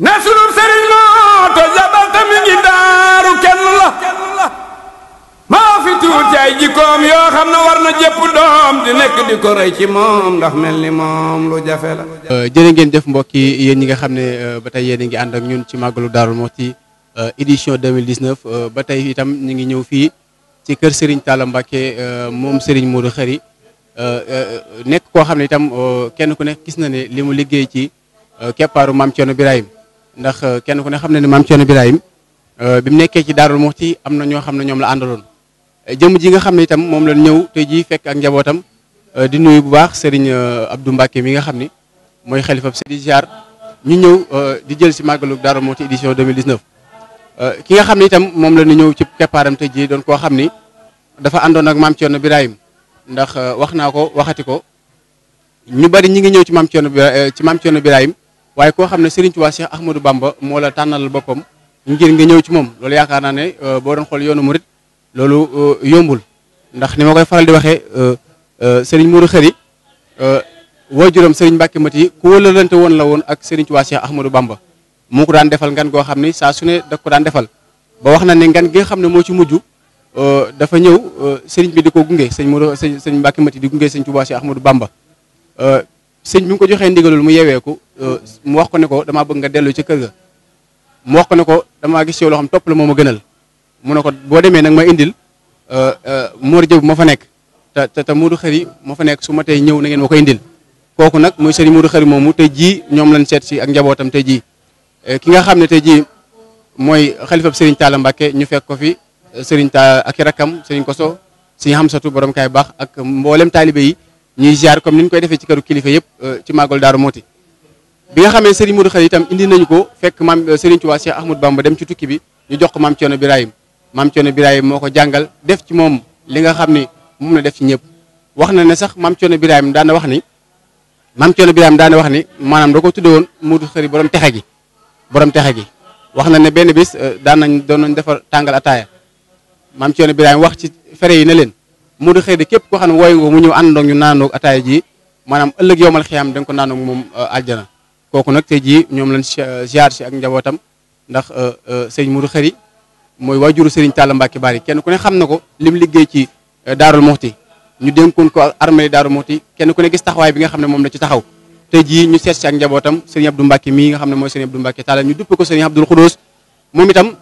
ne sunu sëriñ moo to jabate mi ngi daaru kenn la moo fi tuuti ay jikkoom yoo xam ne war na doom di nekk di ko rëy ci moom ndax mel ni moom lu jafe la. Euh, jërë ngeen jëf mbokk yi yéen ñi nga xam ne euh, ba tey yéen a ngi ànd ak ñun ci màggalu Daaru Muxti euh, édition 2019 ba tey itam ñu ngi ñëw fii ci kër Serigne Talla Mbacke moom Serigne Modou Khary nekk koo xam ne itam kenn ku nekk gis na ne li mu liggéey ci keppaaru maam Thierno Birahim ndax euh, kenn ku ne xam na ne maam Thierno Birahim euh, bi mu nekkee ci Daarul ci am na ñoo xam ne ñoom la àndaloon euh, jëm ji nga xam ne itam moom la ñëw tey jii fekk njabootam di nuyu bu baax Serigne Abdou Mbacke mi nga xam ni mooy xalifab Serigne Ziar ñu ñëw di jël si màggalu Daarul Muxti édition 2019. ki nga xam ne itam moom la ñu ñëw ci keppaaram tey jii doon koo xam ni dafa àndoon ak maam Thierno Birahim ndax wax naa ko waxati ko ñu bari ñi ngi ñëw ci maam Thierno ci maam Thierno Birahim waaye koo xam ne Serigne Touba Cheikh Ahmadou Bamba moo la tànnalal boppam ngir nga ñëw ci moom loolu yaakaar naa ne euh, boo doon xool yoonu murit loolu euh, yombul ndax ni ma koy faral di waxee euh, Serigne Mourou Khary waajuram Serigne Mbacke Mati ku wëlalante woon la woon ak Serigne Touba Cheikh Ahmadou Bamba moo ko daan defal ngan goo xam ne saa su ne ko daan defal ba wax na ni ngan gi xam ne moo ci mujj dafa ñëw sëriñ bi di ko gunge sëñ Mourou sëñ Mbacke Mati di gunge sëñ Touba Cheikh Ahmadou Bamba sëñ bi mu ko joxee ndigalul mu yeweeku euh, mu wax ko ne ko damaa bëgg nga dellu ci kër ga mu wax ko ne ko damaa gis yow loo xam topp la moo ma gënal mu ne ko boo demee nag ma indil moor jëb ma fa nekk te te te Modou Khary ma fa nekk su ma tey ñëw na ngeen ma koy indil kooku nag muy sëriñ Modou Khary moomu tey jii ñoom lañ seet si ak njabootam tey jii euh, ki nga xam ne tey jii mooy xalifab sëriñ Talla Mbacke ñu fekk ko fi euh, sëriñ Talla ak i rakkam sëriñ Koso sëriñ Hamsatu borom kaay baax ak mboolem taalibe yi ñuy ziar comme ni ñu koy defee ci këru kilifa yëpp euh, ci màggal Daaru Mooti bi nga xamee Serigne Modou Khari itam indi nañu ko fekk maam euh, Serigne Touba Cheikh Ahmadou ba dem ci tukki bi ñu jox ko maam Thierno Birahim maam Thierno Birahim moo ko jàngal def ci moom li nga xam ni moom la def ci ñëpp wax na ne sax maam Thierno Birahim daan na wax ni maam Thierno Birahim daan wax ni maanaam da ko tudde woon Modou Khari borom texe gi boroom texe gi wax na ne benn bis euh, daan nañ doon nañ defar tàngal ataaya maam Thierno Birahim wax ci fere yi ne leen mu di xëy di képp koo xam ne wooy woo mu ñëw àndoog ñu naandoog ataay ji maanaam ëllëg yowmal xiyaam da nga ko naandoog moom euh, aljana kooku nag tey jii ñoom lañ euh, ziar si ak njabootam ndax euh, sëñ Mourou Xëri mooy waajuru Serigne Talla Mbacke Bari kenn ku ne xam na ko lim liggéey ci Daarul Muxti ñu dénkoon ko armée Daarul Muxti kenn ku ne gis taxawaay bi nga xam ne moom la ci taxaw tey jii ñu seet si ak njabootam Serigne Abdou Mbacke mii nga xam ne mooy Serigne Abdou Mbacke Talla ñu duppe ko Serigne Abdoul Khoudous moom itam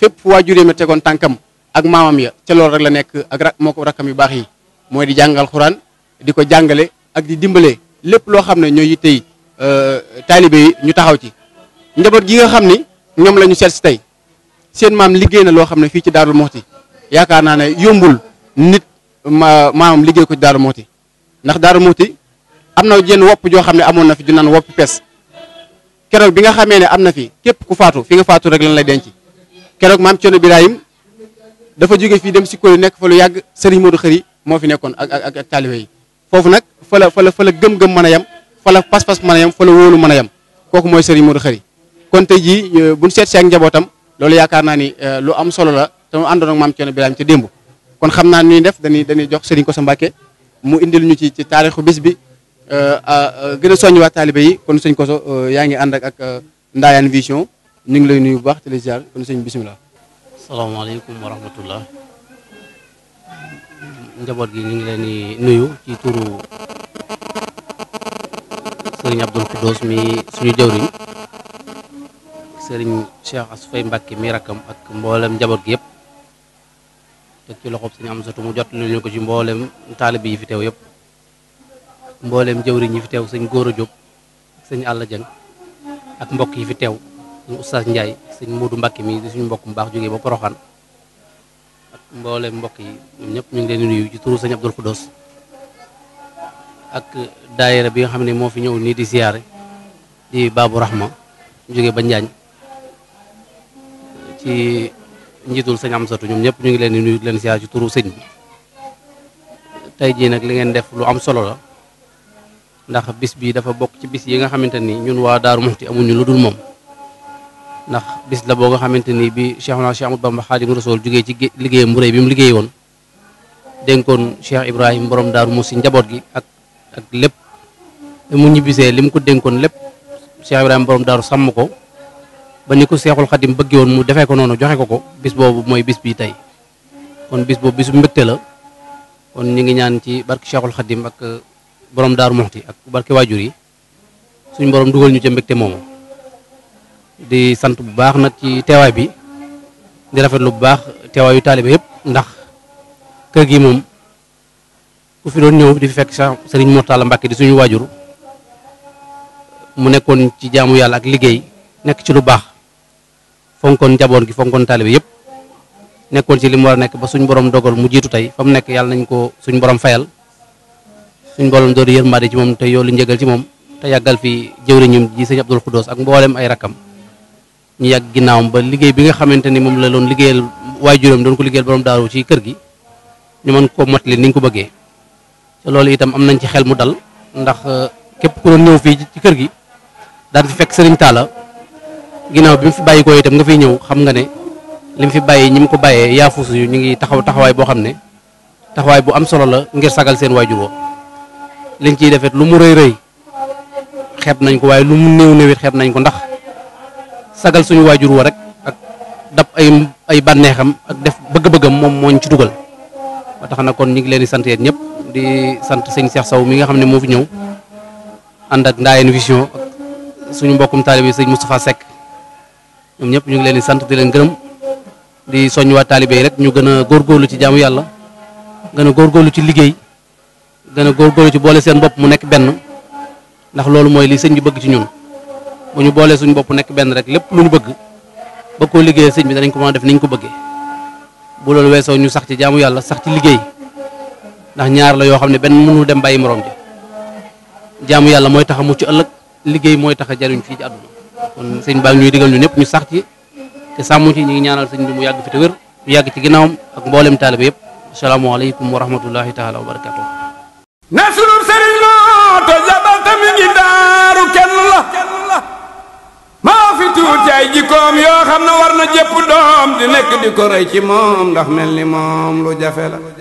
fépp fu waajur yi ma tegoon tànkam ak maamam ya ca loolu rek la nekk ak rak moo ko rakkam yu baax yi mooy di jàngal xuraan di ko jàngale ak di dimbale lépp loo xam ne ñooy yitte yi euh, taalibe yi ñu taxaw ci njaboot gi nga xam ni ñoom la ñu seet si tey seen maam liggéey na loo xam ne fii ci Daaru Muxti yaakaar naa ne yombul nit ma maamam liggéey ko ci Daaru Muxti ndax Daaru Muxti am na jenn wopp joo xam ne amoon na fi ju naan wopp pes keroog bi nga xamee ne am na fi képp ku faatu fi nga faatu rek lay denc dafa jóge fii dem si koli nekk fa lu yàgg sëriñ Modou Xëri moo fi nekkoon ak ak ak taalibe yi foofu nag fa la fa la gëm-gëm mën a yem fa la pas-pas mën a yem fa la wóolu mën a yem kooku mooy sëriñ Modou Xëri kon tey jii euh, buñ seet si ak njabootam loolu yaakaar naa ni euh, lu am solo la te mu àndoon ak maam Thierno Birahim ca démb kon xam naa ñuy def dañuy dañuy jox sëriñ Kosso Mbacké mu indil ñu ci ci taarixu bis bi euh, a soññ waa taalibe yi kon sëñ Kosso yaa ngi ànd ak ak Ndayane Vision ñu ngi lay nuyu bu baax te di ziar kon sëñ bisimilah asalaamaaleykum wa rahmatullah njaboot gi ñu ngi leen di nuyu ci turu sëriñ Abdul Xuddoos mi suñu jëwriñ sëriñ Cheikh Asfay Mbàkke mi rakkam ak mboolem njaboot gi yëpp teg ci loxob suñu am satu mu jot lu ñu ko ci mboolem taalib yi fi teew yëpp mboolem jëwriñ yi fi teew sëñ a Jóob sëñ Àlla Jeng ak mbokk yi fi teew ñu Oustaz Ndiaye sëñ Modou Mbacké mi di suñu mbokk mu baax jógee ba Poroxaan mboole mboolem mbokk yi ñëpp ñu ngi leen nuyu ci turu sëñ Abdoul Khoudoss ak daayira bi nga xam ne moo fi ñëw nii di siyaare di Babou Rahma jógee ba Njaañ ci njiitul sëñ Amsatu ñoom ñëpp ñu ngi leen di nuyu leen siyaare ci turu sëñ bi tey jii nag li ngeen def lu am solo la ndax bis bi dafa bokk ci bis yi nga xamante ni ñun waa Daaru Muxti amuñu lu dul moom ndax bis la boo nga xamante ni bi Cheikhuna Cheikh Ahmadou Bamba Xaadimu Rasuul jógee ci liggéeyam bu rëy bi mu liggéey woon dénkoon Cheikh Ibrahim borom daaru mu si njaboot gi ak ak lépp mu ñibbisee li mu ko dénkoon lépp Cheikh Ibrahim borom daaru sàmm ko ba ni ko Seexul Xadim bëggee woon mu defee ko noonu joxe ko ko bis boobu mooy bis bii tey kon bis boobu bisu mbégte la kon ñu ngi ñaan ci barke Cheikhul Xadim ak borom daaru Muxti ak barke waajur yi suñu borom dugal ñu ca mbégte moomu di sant bu baax nag ci teewaay bi di rafet bu baax teewaayu taalibe yëpp ndax kër gi moom ku fi doon ñëw di fi fekk sax sëriñ Mortalla Mbàkke di suñu waajur mu nekkoon ci jaamu yàlla ak liggéey nekk ci lu baax fonkoon njaboot gi fonkoon taalibe yëpp nekkoon ci li mu war a nekk ba suñ borom dogal mu jiitu tey fa mu nekk yàlla nañ ko suñ borom fayal suñ borom doon yërmaade ci moom te yoolu njëgal ci moom te yàggal fi jëwriñam ji sëñ Abdul Xuddoos ak mboolem ay rakkam ñu yàgg ginnaawam ba liggéey bi nga xamante ni moom la doon liggéeyal waajuram doon ko liggéeyal borom daaru ci kër gi ñu mën koo motali ni ñu ko bëggee te loolu itam am nañ ci xel mu dal ndax euh, képp ku doon ñëw fii ci kër gi daan fi fekk sëriñ taala ginnaaw bi fi bàyyi ko itam nga fiy ñëw xam nga ne li mu fi bàyyi ñi mu ko bàyyee yaafus yu ñu ngi taxaw taxawaay boo xam ne taxawaay bu am solo la ngir sagal seen waajur woo liñ ciy defet lu mu rëy rëy xeeb nañ ko waaye lu mu néew néewit xeeb nañ ko ndax sagal suñu waajur wa rek ak dab ay ay bànneexam ak def bëgg-bëggam moom mooñ ci dugal ba tax na kon ñu ngi leen di sant yéen ñëpp di sant sëñ Cheikh saw mi nga xam ne moo fi ñëw ànd ak Ndayane Vision ak suñu mbokkum taalibe sëñ Moustapha sekk ñoom ñëpp ñu ngi leen di sant di leen gërëm di soññuwaat taalibe yi rek ñu gën a góorgóorlu ci jaamu yàlla gën a góorgóorlu ci liggéey gën a góorgóorlu ci boole seen bopp mu nekk benn ndax loolu mooy li sëñ bi bëgg ci ñun bu ñu boolee suñu bopp nekk benn rek lépp lu ñu bëgg ba koo liggéeyee sëñ bi danañ ko mën a def niñ ko bëggee bu loolu weesoo ñu sax ci jaamu yàlla sax ci liggéey ndax ñaar la yoo xam ne benn mënu dem bàyyi morom ji jaamu yàlla mooy tax a ci ëllëg liggéey mooy tax a jariñ fii ci àdduna kon sëñ baa ngi ñuy digal ñu ñëpp ñu sax ci te sàmm ci ñu ñaanal sëñ bi mu yàgg fi te wér ñu yàgg ci ginnaawam ak mboolem taalibe yëpp asalaamaaleykum wa rahmatullahi taala wa barakatuh na sunu sëriñ noo to jabata mi tuur ci ay jikkoom yoo xam ne war na jëpp doom di nekk di ko rey ci moom ndax mel ni moom lu jafe la